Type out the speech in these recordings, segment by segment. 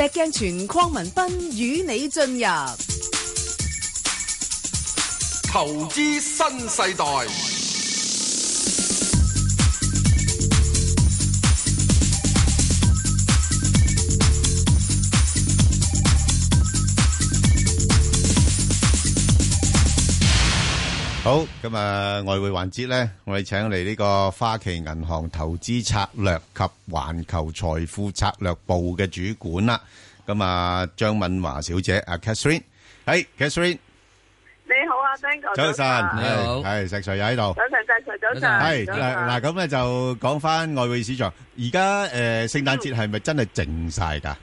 石鏡泉鄺文斌與你進入投資新世代。好咁啊，外匯環節咧，我哋請嚟呢個花旗銀行投資策略及環球財富策略部嘅主管啦。咁啊，張敏華小姐啊，Catherine，係 Catherine，你好啊，Ben 教授，早晨，你好，係石 Sir 又喺度，早晨，石 Sir 早晨，係嗱，咁咧就講翻外匯市場，而家誒聖誕節係咪真係靜晒噶？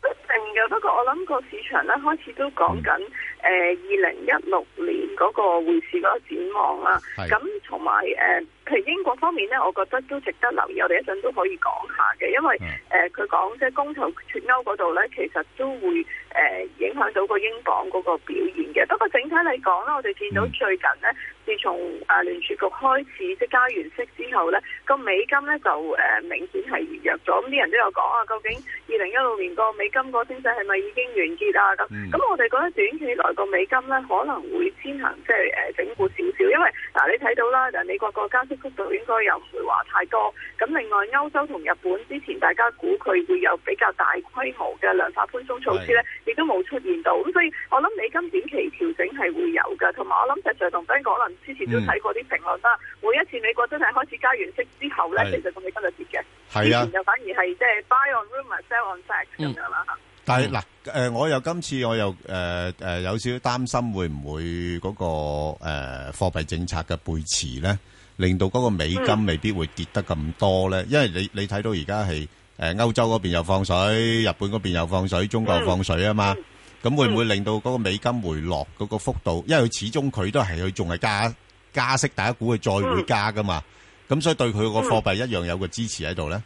都靜嘅，不過我諗個市場咧開始都講緊。誒，二零一六年嗰個匯市嗰個展望啦，咁同埋誒，其實英國方面咧，我覺得都值得留意，我哋一陣都可以講下嘅，因為誒佢講即係公投脫歐嗰度咧，其實都會誒、呃、影響到個英鎊嗰個表現嘅。不過整體嚟講咧，我哋見到最近咧，自從啊聯儲局開始即加元息之後咧，個美金咧就誒明顯係弱咗。咁啲人都有講啊，究竟二零一六年個美金個升勢係咪已經完結啊？咁咁、嗯、我哋覺得短期內個美金咧可能會先行即係誒整固少少，因為嗱、呃、你睇到啦，嗱美國國家。幅度應該又唔會話太多。咁另外，歐洲同日本之前大家估佢會有比較大規模嘅量化寬鬆措施咧，亦的都冇出現到。咁所以，我諗美金短期調整係會有㗎。同埋，我諗 Sir 同 Ben 可能之前都睇過啲評論啦。每一次美國真係開始加完息之後咧，的其實個美金就跌嘅。係啊的，就反而係即係、就是、buy on rumours, sell on facts 咁樣啦嚇。但係嗱，誒，我又今次我又誒誒、呃、有少少擔心，會唔會嗰個誒貨幣政策嘅背馳咧？令到嗰個美金未必會跌得咁多呢，因為你你睇到而家係誒歐洲嗰邊又放水，日本嗰邊又放水，中國又放水啊嘛，咁會唔會令到嗰個美金回落嗰個幅度？因為佢始終佢都係佢仲係加加息，大家估佢再會加㗎嘛，咁所以對佢個貨幣一樣有個支持喺度呢。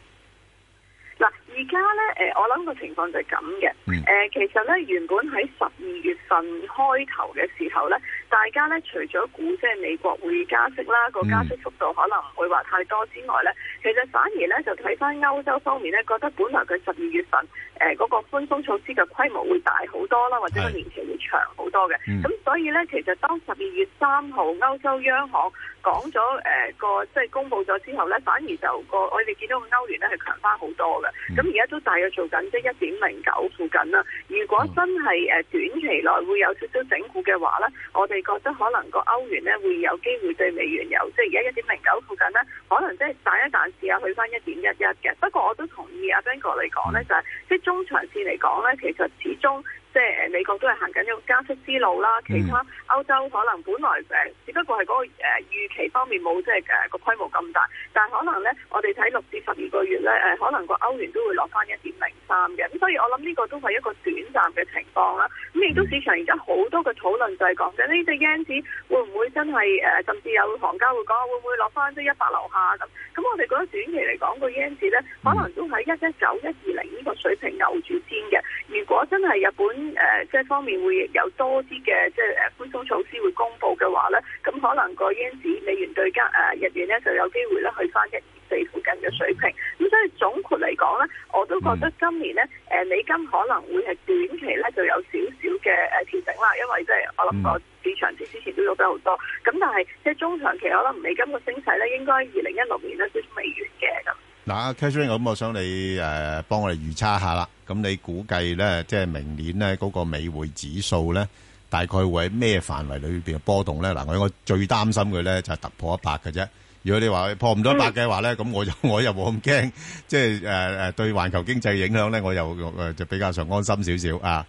嗱，而家呢誒，我諗個情況就係咁嘅。誒，其實呢原本喺十二月份開頭嘅時候呢。大家咧，除咗估即係美國會加息啦，個加息速度可能唔會話太多之外咧，其實反而咧就睇翻歐洲方面咧，覺得本來佢十二月份誒嗰個寬鬆措施嘅規模會大好多啦，或者個年期會長好多嘅。咁係。所以咧，其實當十二月三號歐洲央行講咗誒個即係公布咗之後咧，反而就個我哋見到個歐元咧係強翻好多嘅。咁而家都大約做緊即係一點零九附近啦。如果真係誒短期內會有少少整固嘅話咧，我哋覺得可能個歐元咧會有機會對美元有，即係而家一點零九附近咧，可能即係賺一賺試下去翻一點一一嘅。不過我都同意阿 Ben 哥嚟講咧，就係即係中長線嚟講咧，其實始終。即係誒美國都係行緊個加息之路啦，其他歐洲可能本來誒，只不過係嗰個誒預期方面冇即係誒個規模咁大，但係可能咧，我哋睇六至十二個月咧誒，可能個歐元都會落翻一點零三嘅。咁所以我諗呢個都係一個短暫嘅情況啦。咁亦都市場而家好多嘅討論就係講緊呢隻 yen 紙會唔會真係誒，甚至有行家會講會唔會落翻啲一百樓下咁。咁我哋覺得短期嚟講個 yen 紙咧，可能都喺一一九一二零呢個水平牛住先嘅。如果真係日本誒，即係、呃、方面會有多啲嘅，即係誒寬鬆措施會公布嘅話咧，咁可能個英鎊、美元對加誒、呃、日元咧就有機會咧去翻一二四附近嘅水平。咁所以總括嚟講咧，我都覺得今年咧，誒、呃、美金可能會係短期咧就有少少嘅誒、呃、調整啦，因為即、就、係、是、我諗個市場之之前都落得好多。咁但係即係中長期，我諗美金個升勢咧，應該二零一六年咧都未完嘅咁。嗱，Katherine、啊、咁我想你誒，幫、呃、我哋預測下啦。咁、啊、你估計咧，即係明年咧，嗰、那個美匯指數咧，大概會喺咩範圍裏邊嘅波動咧？嗱、啊，我我最擔心嘅咧就係、是、突破一百嘅啫。如果你話破唔到一百嘅話咧，咁、嗯、我就我又冇咁驚，即係誒誒，對環球經濟影響咧，我又誒、呃呃、就比較上安心少少啊。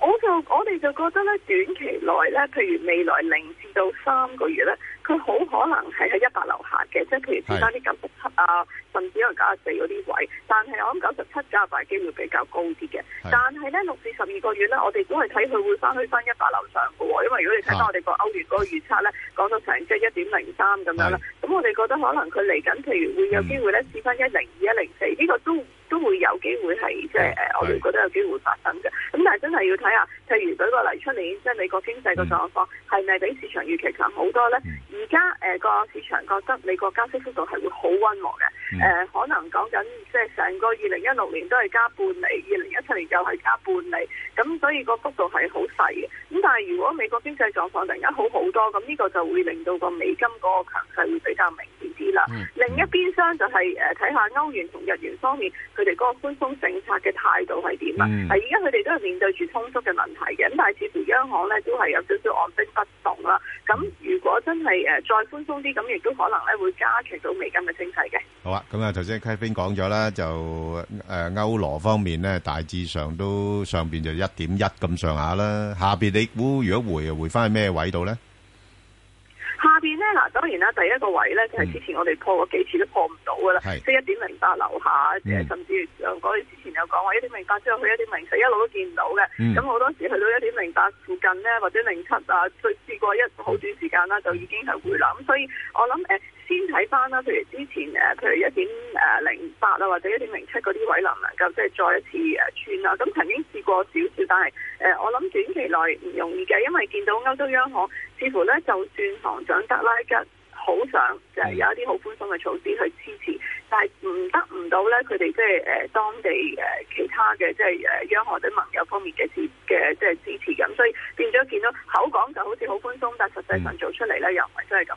我就我哋就覺得咧，短期內咧，譬如未來零至到三個月咧。佢好可能係喺一百樓下嘅，即係譬如試翻啲九十七啊，甚至係九十四嗰啲位。但係我諗九十七九十八機會比較高啲嘅。是但係咧，六至十二個月咧，我哋都係睇佢會翻去翻一百樓上嘅喎。因為如果你睇翻我哋個歐元嗰個預測咧，講到成即係一點零三咁樣啦。咁我哋覺得可能佢嚟緊，譬如會有機會咧試翻一零二、一零四呢個都。都會有機會係即係誒，我哋覺得有機會發生嘅。咁但係真係要睇下，譬如舉個例出年，即係美國經濟嘅狀況係咪比市場預期強好多呢？而家誒個市場覺得美國加息幅度係會好温和嘅。誒、呃、可能講緊即係成個二零一六年都係加半厘，二零一七年又係加半厘咁，所以個幅度係好細嘅。咁但係如果美國經濟狀況突然間好好多，咁呢個就會令到個美金嗰個強勢會比較明顯啲啦。嗯、另一邊廂就係誒睇下歐元同日元方面。佢哋嗰個寬鬆政策嘅態度係點啊？嗱，而家佢哋都係面對住通縮嘅問題嘅，咁但係似乎央行咧都係有少少按兵不動啦。咁如果真係誒再寬鬆啲，咁亦都可能咧會加劇到美金嘅升勢嘅。好啊，咁啊頭先 Kevin 講咗啦，就誒歐羅方面咧大致上都上邊就一點一咁上下啦，下邊你估如果回啊回翻去咩位度咧？邊咧，嗱，當然啦，第一個位咧就係、是、之前我哋破過、嗯、幾次都破唔到噶啦。是即係一點零八樓下，誒、嗯、甚至我哋、呃、之前有講話一點零八之後去一點零七一路都見唔到嘅，咁好、嗯、多時去到一點零八附近咧或者零七啊，最試過一好短時間啦就已經係回啦，咁所以我諗誒。呃先睇翻啦，譬如之前誒，譬如一點誒零八啦，或者一點零七嗰啲位能唔能夠即係再一次誒穿啦？咁曾經試過少少，但係誒、呃，我諗短期內唔容易嘅，因為見到歐洲央行似乎咧就算行長德拉吉，好想誒有一啲好寬鬆嘅措施去支持，的但係唔得唔到咧，佢哋即係誒、呃、當地誒其他嘅即係誒央行或者盟友方面嘅支嘅即係支持咁，所以變咗見到口講就好似好寬鬆，但實際上做出嚟咧又唔係真係咁。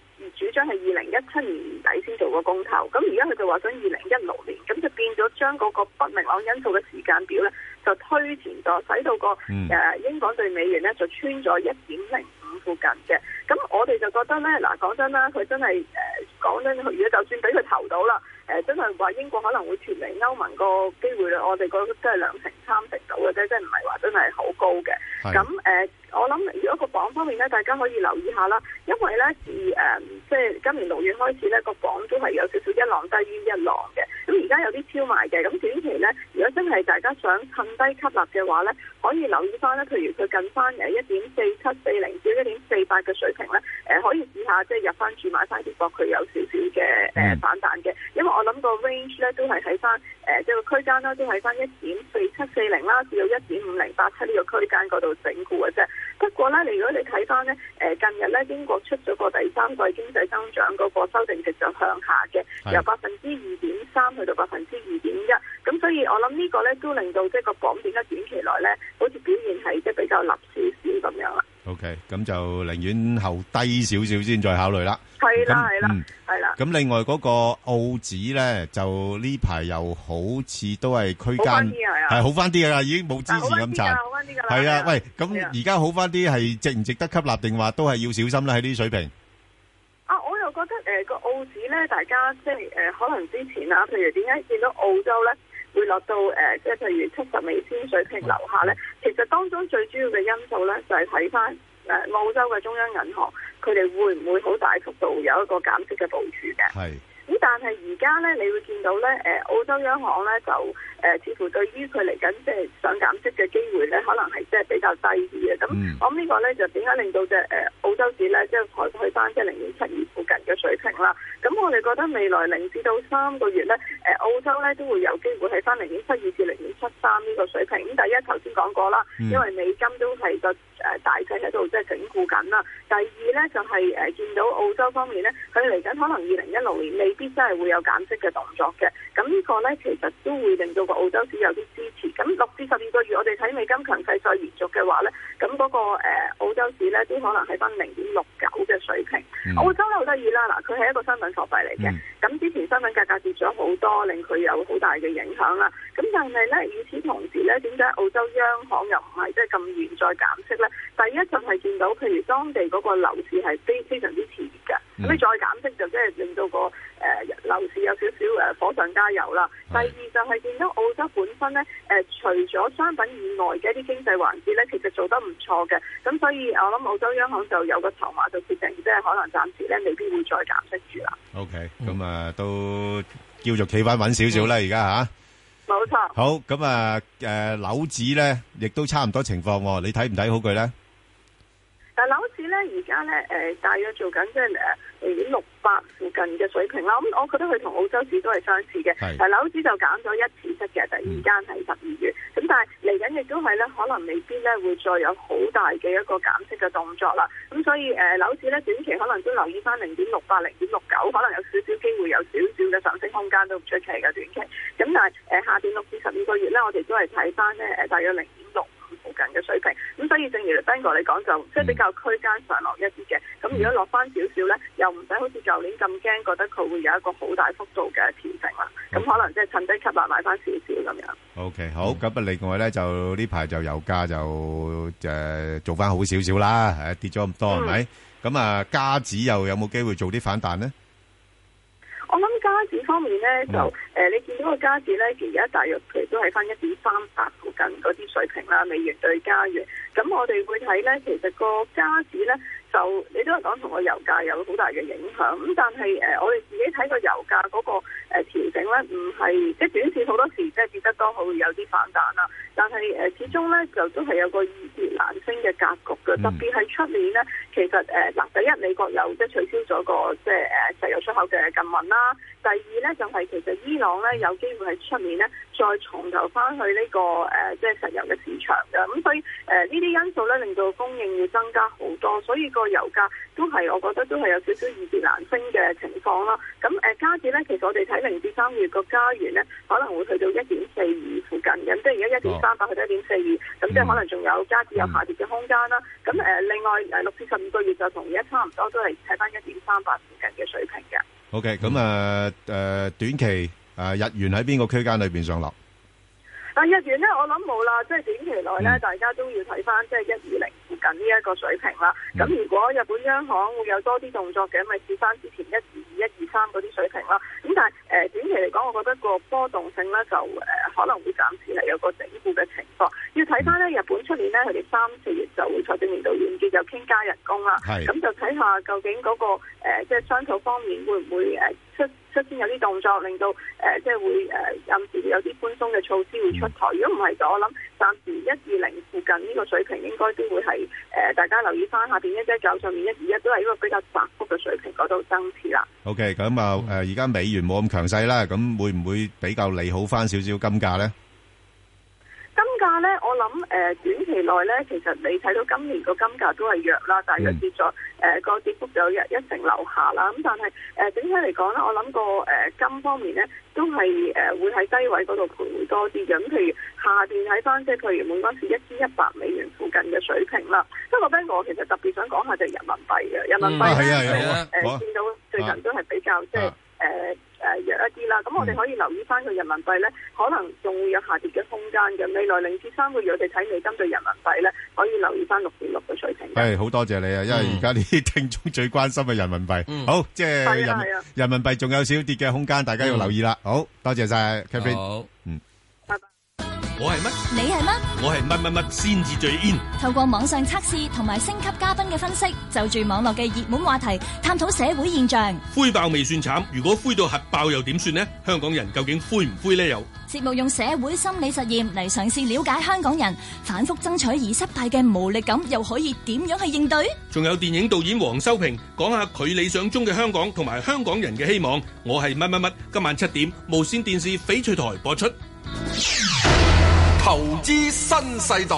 而主張係二零一七年底先做個公投，咁而家佢就話想二零一六年，咁就變咗將嗰個不明朗因素嘅時間表咧，就推前咗，使到個誒、嗯、英國對美元咧就穿咗一點零五附近嘅。咁我哋就覺得咧，嗱、啊、講真啦，佢真係誒講真，佢如果就算俾佢投到啦，誒、呃、真係話英國可能會脱離歐盟個機會咧，我哋覺得真係兩成三成到嘅啫，即係唔係話真係好高嘅。咁誒是。我諗如果個鎊方面咧，大家可以留意下啦，因為咧，自誒即係今年六月開始咧，個鎊都係有少少一浪低於一浪嘅。咁而家有啲超賣嘅，咁短期咧，如果真係大家想趁低吸納嘅話咧，可以留意翻咧，譬如佢近翻誒一點四七四零至一點四八嘅水平咧，誒可以試下即係、即係、入翻住買翻碟搏佢有少少嘅誒反彈嘅。因為我諗個 range 咧都係喺翻誒即係個區間啦，都喺翻一點四七四零啦至到一點五零八七呢個區間嗰度整固嘅啫。過拉如果你睇翻咧，誒近日咧英國出咗個第三季經濟增長嗰個修訂值就向下嘅，是 由百分之二點三去到百分之二點一，咁所以我諗呢個咧都令到即係個港點一短期內咧好似表現係即係比較立少少咁樣啦。OK，咁就寧願候低少少先再考慮啦。係啦的，係啦那。咁另外嗰、那個澳紙咧，就呢排又好似都係區間，係好翻啲噶啦，已經冇之前咁殘。係啊，喂，咁而家好翻啲係值唔值得吸納，定話都係要小心啦，喺呢啲水平。啊，我又覺得誒個、呃、澳紙咧，大家即係誒、呃、可能之前啊，譬如點解見到澳洲咧會落到誒、呃、即係譬如七十美仙水平樓下咧，其實當中最主要嘅因素咧就係睇翻。誒澳洲嘅中央銀行，佢哋會唔會好大幅度有一個減息嘅部署嘅？係是。咁、嗯、但係而家咧，你會見到咧，誒澳洲央行咧就誒、呃，似乎對於佢嚟緊即係想減息嘅機會咧，可能係即係比較低啲嘅。咁我、嗯、呢個咧就點解令到隻誒澳洲紙咧即係抬翻去翻即係零點七二附近嘅水平啦？咁、嗯、我哋覺得未來零至到三個月咧，誒澳洲咧都會有機會喺翻零點七二至零點七三呢個水平。咁第一頭先講過啦，因為美金都係個。嗯誒大勢喺度即係整固緊啦。第二咧就係誒見到澳洲方面咧，佢嚟緊可能二零一六年未必真係會有減息嘅動作嘅。咁呢個咧其實都會令到個澳洲市有啲支持。咁喺美金強勢再延續嘅話呢咁嗰個、呃、澳洲市呢，都可能喺返零點六九嘅水平。Mm hmm. 澳洲呢好得意啦，嗱佢係一個商品貨幣嚟嘅，咁、mm hmm. 之前商品價格,格跌咗好多，令佢有好大嘅影響啦。咁但係呢，與此同時呢，點解澳洲央行又唔係即係咁遠再減息呢？第一就係見到，譬如當地嗰個樓市係非非常之熾熱嘅，咁你、mm hmm. 再減息就即係令到、嗰個。誒，樓、呃、市有少少誒，火上加油啦。第二就係見到澳洲本身咧，誒、呃，除咗商品以外嘅一啲經濟環節咧，其實做得唔錯嘅。咁所以，我諗澳洲央行就有個籌碼，就決定即係可能暫時咧，未必會再減息住啦。OK，咁啊，嗯嗯、都叫做企返穩少少啦。而家吓，冇、啊、錯。好，咁啊，誒、呃，樓指咧，亦都差唔多情況。你睇唔睇好佢咧？而家咧，誒、呃、大約做緊即係誒零點六八附近嘅水平啦。咁我覺得佢同澳洲市都係相似嘅。係是樓市就減咗一次息嘅，第二間係十二月。咁但係嚟緊亦都係咧，可能未必咧會再有好大嘅一個減息嘅動作啦。咁所以誒、呃、樓市咧短期可能都留意翻零點六八、零點六九，可能有少少機會有少少嘅上升空間都唔出奇嘅短期。咁但係誒、呃、下邊六至十二個月咧，我哋都係睇翻咧誒大約零點六近嘅水平，咁所以正如丁哥你講，就即係比較區間上落一啲嘅。咁如果落翻少少咧，又唔使好似舊年咁驚，覺得佢會有一個好大幅度嘅調整啦。咁可能即係趁低吸納買翻少少咁樣。OK，好，咁啊，另外咧就呢排就油價就誒做翻好少少啦，誒跌咗咁多係咪？咁啊，金價又有冇機會做啲反彈咧？我諗加紙方面咧，就誒、呃、你見到個加紙咧，而家大約亦都係翻一點三八附近嗰啲水平啦，美元對加元。咁我哋會睇咧，其實個加紙咧。就你都係講同個油價有好大嘅影響，咁但係誒，我哋自己睇個油價嗰個誒調整咧，唔係即係短綫好多時即係跌得多，好會有啲反彈啦。但係誒、呃，始終咧就都係有個易跌難升嘅格局嘅。特別喺出面咧，其實誒，嗱、呃，第一美國有即係取消咗個即係誒石油出口嘅禁運啦，第二咧就係、是，其實伊朗咧有機會喺出面咧再重頭翻去呢、這個誒即係石油嘅市場嘅。咁、嗯、所以誒呢啲因素咧令到供應要增加好多，所以個油價都係，我覺得都係有少少易跌難升嘅情況啦。咁誒、呃，加紙咧，其實我哋睇零至三月個加元咧，可能會去到一點四二附近，咁即係而家一點三八去到一點四二，咁即係可能仲有加紙有下跌嘅空間啦。咁誒、嗯，另外誒，六至十二個月就同而家差唔多，都係睇翻一點三八附近嘅水平嘅。O K，咁啊誒，短期誒、呃、日元喺邊個區間裏邊上落？啊、呃，日元咧，我諗冇啦，即係短期內咧，嗯、大家都要睇翻即係一二零。啊、近呢一個水平啦，咁如果日本央行會有多啲動作嘅，咪試翻之前一二二一二三嗰啲水平啦。咁但係誒、呃、短期嚟講，我覺得個波動性咧就誒、呃、可能會暫時係有個整固嘅情況。要睇翻咧，日本出年咧，佢哋三四月就會財政年度完結，就傾加人工啦。係。咁就睇的下究竟嗰、那個、呃、即係商討方面會唔會誒、啊、出出先有啲動作，令到誒、呃、即係會誒暫時有啲寬鬆嘅措施會出台。如果唔係就我諗暫時一二零附近呢個水平應該都會係。誒，大家留意翻下邊一一九上面一二一都係一個比較窄幅嘅水平嗰度增持啦。OK，咁啊誒，而家美元冇咁強勢啦，咁會唔會比較利好翻少少金價咧？價咧，我諗誒、呃、短期內咧，其實你睇到今年個金價都係弱啦，大概跌咗誒、嗯呃、個跌幅有約一成樓下啦。咁但係誒、呃、整體嚟講咧，我諗個誒、呃、金方面咧，都係誒、呃、會喺低位嗰度徘徊多啲嘅。咁譬如下邊睇翻，即係譬如原本嗰時一千一百美元附近嘅水平啦。不過咧，我其實特別想講下就係人民幣嘅人民幣咧、嗯，誒見到最近都係比較即係。誒誒弱一啲啦，咁我哋可以留意翻佢人民幣咧，可能仲會有下跌嘅空間嘅。未來零至三個月，我哋睇未針對人民幣咧，可以留意翻六點六嘅水平。係，好多謝你啊，因為而家呢啲聽眾最關心嘅人民幣，好即係人民幣仲有少跌嘅空間，大家要留意啦。好多謝晒，Kevin。我係乜？你係乜？我係乜乜乜先至最 In。透過網上測試同埋星級嘉賓嘅分析，就住網絡嘅熱門話題探討社會現象。灰爆未算慘，如果灰到核爆又點算呢？香港人究竟灰唔灰呢？又節目用社會心理實驗嚟嘗試了解香港人反覆爭取而失敗嘅無力感，又可以點樣去應對？仲有電影導演黃修平講下佢理想中嘅香港同埋香港人嘅希望。我係乜乜乜？今晚七點無線電視翡翠台播出。投資新世代，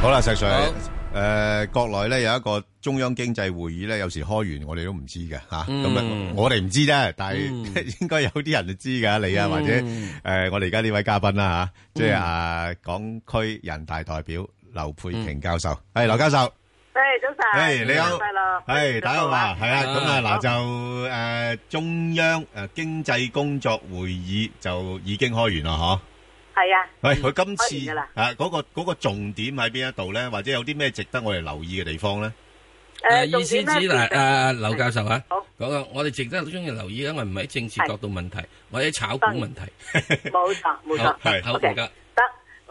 好啦，石 Sir，誒、呃，國內咧有一個中央經濟會議咧，有時開完我哋都唔知嘅吓，咁啊，嗯、我哋唔知啫，但係應該有啲人就知噶，嗯、你啊，或者誒、呃，我哋而家呢位嘉賓啦吓，即、啊、係、就是、啊，港區人大代表劉佩瓊教授，係劉、嗯、教授。誒，早晨！誒，你好！曬咯！誒，大家好啊！係啊，咁啊嗱，就誒中央誒經濟工作會議就已經開完啦，吓係啊。喂，佢今次啊，嗰個嗰個重點喺邊一度咧？或者有啲咩值得我哋留意嘅地方咧？誒，重點咧，誒，意思指，劉教授啊，好講我哋值得中意留意，因為唔係喺政治角度問題，或者炒股問題。冇錯，冇錯，係，好，大家。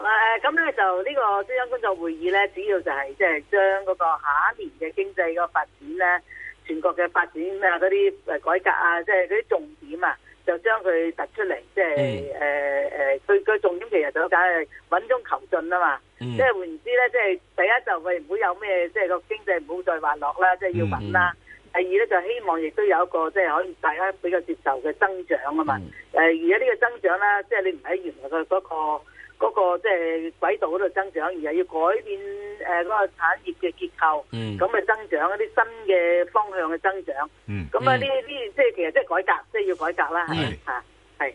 誒誒，咁咧就呢個中央工作會議咧，主要就係即係將嗰個下一年嘅經濟個發展咧，全國嘅發展咩嗰啲誒改革啊，即係嗰啲重點啊，就將佢突出嚟，即係誒誒，佢個、嗯呃、重點其實就梗係穩中求進啦嘛。即係換言之咧，即係第一就係唔好有咩，即、就、係、是、個經濟唔好再滑落啦，即、就、係、是、要穩啦。嗯嗯、第二咧就希望亦都有一個即係、就是、可能大家比較接受嘅增長啊嘛。誒、嗯嗯呃，而家呢個增長咧，即係你唔喺原來嘅嗰、那個。嗰個即係軌道嗰度增長，而係要改變誒嗰個產業嘅結構，咁嘅增長一啲新嘅方向嘅增長。咁啊，呢呢即係其實即係改革，即係要改革啦嚇嚇係。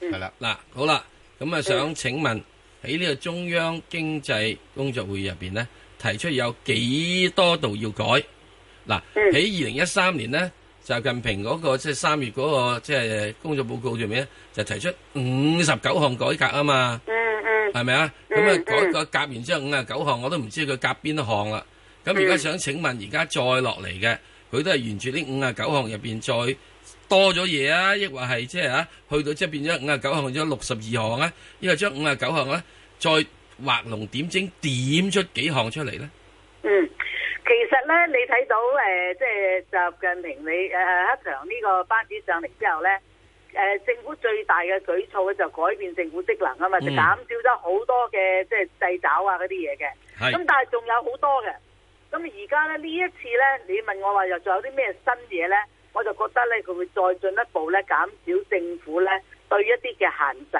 係啦，嗱好啦，咁啊想請問喺呢個中央經濟工作會議入邊咧，提出有幾多度要改？嗱，喺二零一三年咧，習近平嗰個即係三月嗰個即係工作報告入面咧，就提出五十九項改革啊嘛。係咪啊？咁啊，嗰個夾完之後五十九項我都唔知佢夾邊項啦。咁如果想請問，而家再落嚟嘅，佢都係沿住呢五十九項入邊再多咗嘢啊？抑或係即係嚇去到即係變咗五十九項，變咗六十二項啊？抑或將五十九項咧再畫龍點睛，點出幾項出嚟咧？嗯，其實咧，你睇到誒，即係習近平你誒一場呢個班子上嚟之後咧。誒政府最大嘅舉措咧，就改變政府職能啊嘛，就減、嗯、少咗好多嘅即係掣肘啊嗰啲嘢嘅。咁是但係仲有好多嘅。咁而家咧呢一次咧，你問我話又仲有啲咩新嘢咧，我就覺得咧佢會，會再進一步咧減少政府咧對一啲嘅限制。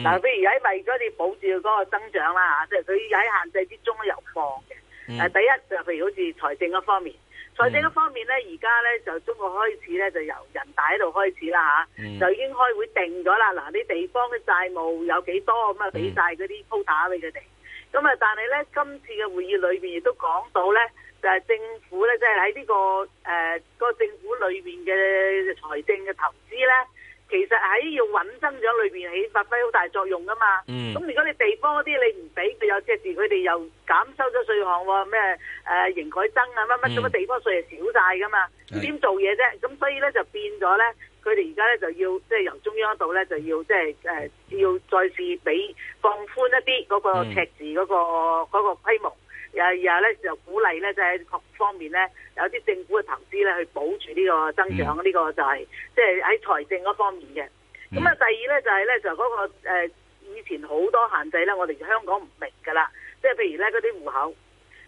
嗱、嗯，譬如喺為咗你保住嗰個增長啦嚇，即係佢喺限制之中又放嘅。誒、嗯啊，第一就譬如好似財政嗰方面。財、mm hmm. 政嗰方面咧，而家咧就中國開始咧，就由人大喺度開始啦吓，mm hmm. 就已經開會定咗啦。嗱，啲地方嘅債務有幾多咁啊，俾晒嗰啲 quota 俾佢哋。咁啊、mm，hmm. 但係咧，今次嘅會議裏邊亦都講到咧，就係、是、政府咧、這個，即係喺呢個誒個政府裏邊嘅財政嘅投資咧。其實喺要穩增長裏邊起發揮好大作用噶嘛，咁、嗯、如果你地方啲你唔俾佢有赤字，佢哋又減收咗稅項喎、哦，咩誒營改增啊乜乜咁啊，地方稅係少晒噶嘛，點的做嘢啫？咁所以咧就變咗咧，佢哋而家咧就要即係、即係、由中央度咧就要即係誒要再次俾放寬一啲嗰個赤字嗰個嗰、嗯嗰個嗰個規模。又又咧就鼓勵咧，就係、是、各方面咧有啲政府嘅投資咧，去保住呢個增長。呢、嗯、個就係即係喺財政嗰方面嘅。咁啊、嗯，第二咧就係、是、咧就嗰、是那個以前好多限制咧，我哋香港唔明噶啦。即、就、係、是、譬如咧嗰啲戶口，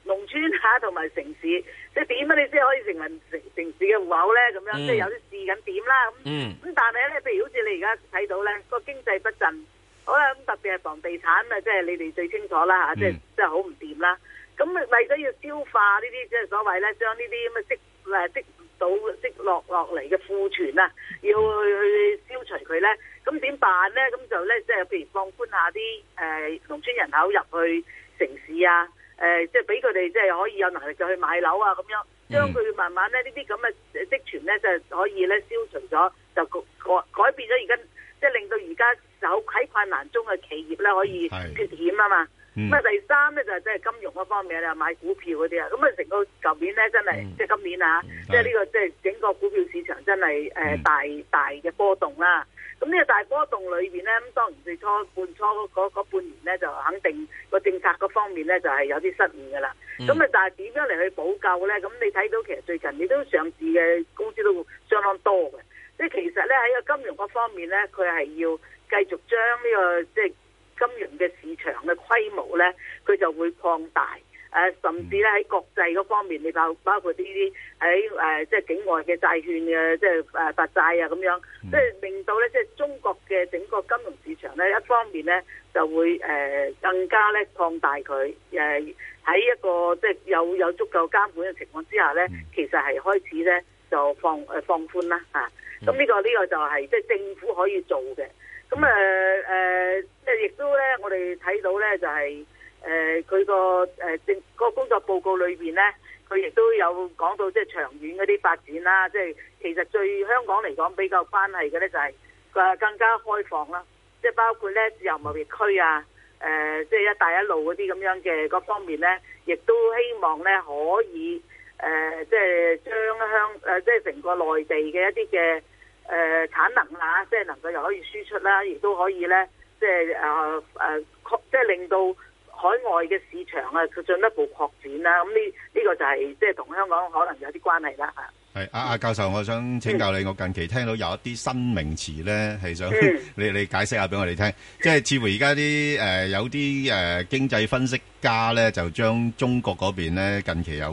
農村嚇同埋城市，即係點啊？你先可以成為城城市嘅戶口咧？咁樣、嗯、即係有啲試緊點啦。咁咁、嗯嗯、但係咧，譬如好似你而家睇到咧，個經濟不振。好啦，咁特別係房地產啊，即係你哋最清楚啦嚇，嗯、即係即係好唔掂啦。咁為咗要消化呢啲即係所謂咧，將呢啲咁嘅積誒積唔到積落落嚟嘅庫存啊，要去去消除佢咧，咁點辦咧？咁就咧即係譬如放寬一下啲誒、呃、農村人口入去城市啊，誒、呃、即係俾佢哋即係可以有能力再去買樓啊咁樣，將佢慢慢咧呢啲咁嘅積存咧，即係可以咧消除咗，就改改變咗而家。即係令到而家有喺困難中嘅企業咧可以脫險啊嘛，咁啊、嗯、第三咧就係即係金融方面啦，買股票嗰啲啊，咁啊成個舊年咧真係，嗯、即係今年啊，即係呢個即係整個股票市場真係誒大、嗯、大嘅波動啦。咁呢個大波動裏邊咧，咁當然最初半初嗰半年咧就肯定個政策嗰方面咧就係有啲失誤嘅啦。咁啊、嗯，但係點樣嚟去補救咧？咁你睇到其實最近你都上市嘅公司都相當多嘅。即係其實咧喺個金融嗰方面咧，佢係要繼續將呢個即係金融嘅市場嘅規模咧，佢就會擴大。誒，甚至咧喺國際嗰方面，你包包括呢啲喺誒即係境外嘅債券嘅即係誒發債啊咁樣，即係令到咧即係中國嘅整個金融市場咧，一方面咧就會誒更加咧擴大。佢誒喺一個即係有有足夠監管嘅情況之下咧，其實係開始咧。就放誒放寬啦嚇，咁、啊、呢、這個呢、這個就係即係政府可以做嘅。咁誒誒，即係亦都咧，我哋睇到咧就係誒佢個誒政個工作報告裏邊咧，佢亦都有講到即係、就是、長遠嗰啲發展啦。即、就、係、是、其實對香港嚟講比較關係嘅咧，就係誒更加開放啦。即係包括咧自由貿易區啊，誒即係一帶一路嗰啲咁樣嘅各方面咧，亦都希望咧可以。誒、呃，即係將香誒、呃，即係成個內地嘅一啲嘅誒產能啦，即係能夠又可以輸出啦，亦都可以咧，即係啊誒，即係令到海外嘅市場啊，佢進一步擴展啦。咁呢呢個就係即係同香港可能有啲關係啦。係阿阿教授，我想請教你，我近期聽到有一啲新名詞咧，係想你你解釋下俾我哋聽，即係似乎而家啲誒有啲誒、呃、經濟分析家咧，就將中國嗰邊咧近期有。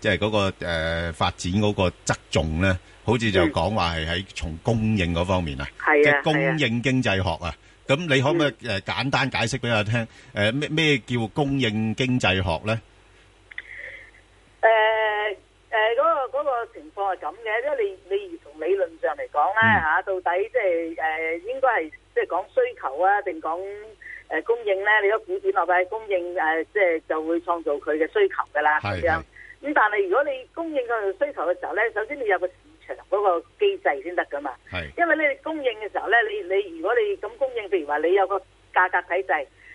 即係嗰個誒發展嗰個側重咧，好似就講話係喺從供應嗰方面啊，即係供應經濟學啊。咁你可唔可以誒簡單解釋俾我聽？誒，咩咩叫供應經濟學咧？誒誒，嗰個嗰個情況係咁嘅，因為你你從理論上嚟講咧吓，到底即係誒應該係即係講需求啊，定講誒供應咧？你都古典落去，供應誒即係就會創造佢嘅需求噶啦，咁樣。咁但係如果你供應佢需求嘅時候咧，首先你有個市場嗰個機制先得噶嘛。係是。因為咧，你供應嘅時候咧，你你如果你咁供應，譬如話你有個價格體制，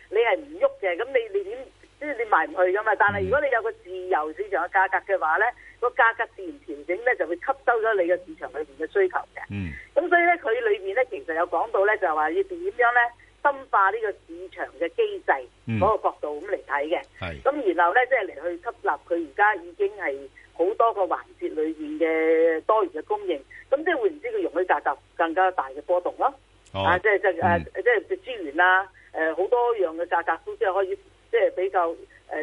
你係唔喐嘅，咁你你點即係你賣唔去噶嘛？但係如果你有個自由市場嘅價格嘅話咧，個價格自然調整咧就會吸收咗你嘅市場裏邊嘅需求嘅。嗯。咁所以咧，佢裏邊咧其實有講到咧，就係話要點樣咧深化呢個市場嘅機制嗰咁然後咧，即係嚟去吸納佢而家已經係好多個環節裏邊嘅多餘嘅供應，咁即係會唔知佢容許價格更加大嘅波動咯？啊，即係即係誒，即係嘅資源啊，誒好多樣嘅價格都即係可以，即係比較誒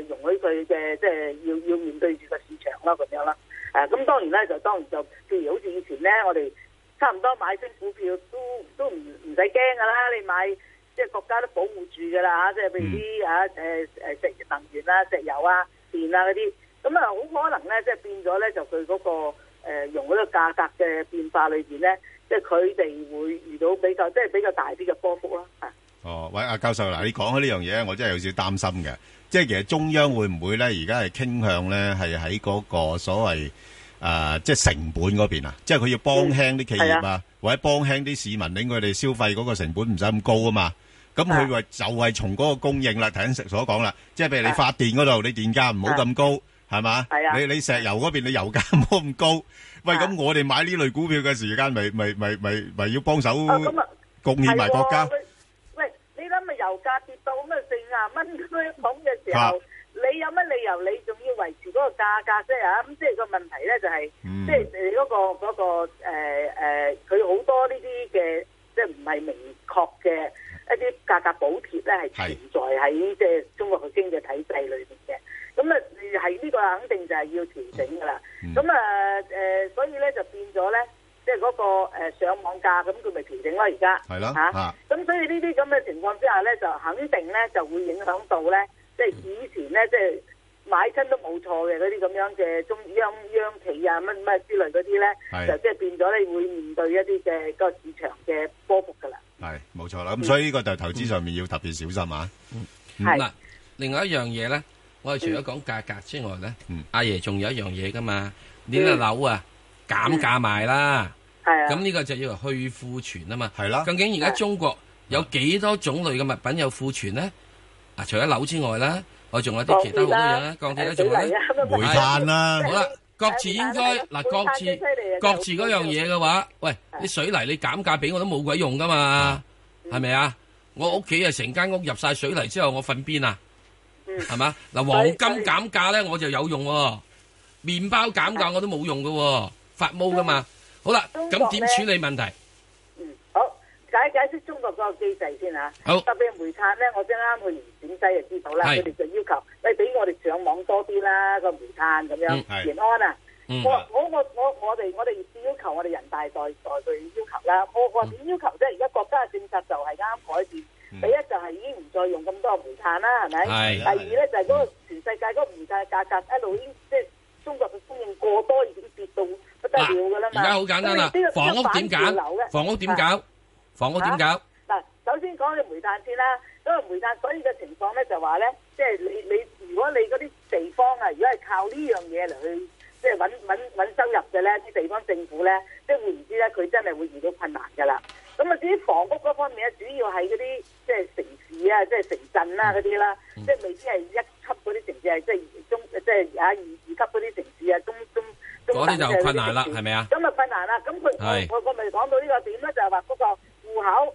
容許佢嘅，即係要要面對住個市場啦、啊。咁樣啦、啊。啊，咁當然咧就當然就，譬如好似以前咧，我哋差唔多買升股票都都唔唔使驚噶啦，你買即係國家都保護住噶啦，即係譬如啲啊誒誒石油啊、電啊嗰啲，咁啊好可能咧，即係變咗咧，就佢嗰個誒用嗰個價格嘅變化裏邊咧，即係佢哋會遇到比較即係比較大啲嘅波幅啦。嚇！哦，喂，阿教授嗱，你講起呢樣嘢，我真係有少少擔心嘅。即係其實中央會唔會咧，而家係傾向咧，係喺嗰個所謂誒，即係成本嗰邊啊？即係佢要幫輕啲企業啊，或者幫輕啲市民，令佢哋消費嗰個成本唔使咁高啊嘛？咁佢話就係從嗰個供應啦，頭先石所講啦，即係譬如你發電嗰度，你電價唔好咁高，係嘛？你你石油嗰邊，你油價唔好咁高。喂，咁我哋買呢類股票嘅時間，咪咪咪咪咪要幫手貢獻埋國家。喂，你諗下油價跌到咁啊，成廿蚊咁樣講嘅時候，你有乜理由你仲要維持嗰個價格啫？即係啊，咁即係個問題咧就係，即係你嗰個嗰個誒誒，佢好多呢啲嘅，即係唔係明確嘅。啲價格補貼咧係存在喺即係中國嘅經濟體制裏邊嘅，咁啊係呢個肯定就係要調整噶啦。咁啊誒，所以咧就變咗咧，即係嗰個上網價，咁佢咪調整咯而家。係咯嚇，咁的、啊、所以呢啲咁嘅情況之下咧，就肯定咧就會影響到咧，即、就、係、是、以前咧即係買親都冇錯嘅嗰啲咁樣嘅中央央企啊乜乜之類嗰啲咧，的就即係變咗咧會面對一啲嘅、嗰個市場嘅波幅噶啦。係冇錯啦，咁所以呢個就投資上面要特別小心啊。嗯，咁啊，另外一樣嘢咧，我哋除咗講價格之外咧，阿爺仲有一樣嘢噶嘛，呢個樓啊減價賣啦，咁呢個就要去庫存啊嘛。係咯。究竟而家中國有幾多種類嘅物品有庫存咧？啊，除咗樓之外咧，我仲有啲其他好多嘢咧，鋼鐵咧仲有咧，煤炭啦，好啦。各自應該嗱，各自各自嗰樣嘢嘅話，喂，啲水泥你減價俾我都冇鬼用噶嘛，係咪啊？我屋企啊，成間屋入曬水泥之後，我瞓邊啊，係嘛？嗱，黃金減價咧我就有用喎，麵包減價我都冇用嘅喎，發毛噶嘛。好啦，咁點處理問題？嗯，好，解解先。嗰個機制先嚇，特別煤炭咧，我啱啱去完陝西就知道啦。佢哋就要求，你俾我哋上網多啲啦，個煤炭咁樣延安啊！我我我我我哋我哋業主要求我哋人大代，代佢要求啦。我我點要求啫？而家國家嘅政策就係啱啱改變，第一就係已經唔再用咁多煤炭啦，係咪？第二咧就係嗰個全世界嗰個煤炭嘅價格一路已經，即係中國嘅供應過多已經跌到不得了㗎啦嘛。而家好簡單啦，房屋點搞？房屋點搞？房屋點搞？首先講嘅煤炭先啦，咁啊煤炭所以嘅情況咧就話咧，即係你你如果你嗰啲地方啊，如果係靠呢樣嘢嚟去即係搵搵搵收入嘅咧，啲地方政府咧，即係換言之咧，佢真係會遇到困難噶啦。咁啊至於房屋嗰方面咧，主要係嗰啲即係城市啊，即係城鎮啦嗰啲啦，即係未必係一級嗰啲城市啊，就是嗯、即係中即係啊二二級嗰啲城市啊，咁中中。中中就，就困難啦，係咪啊？咁啊困難啦，咁佢我我我咪講到呢個點咧，就係話嗰個戶口。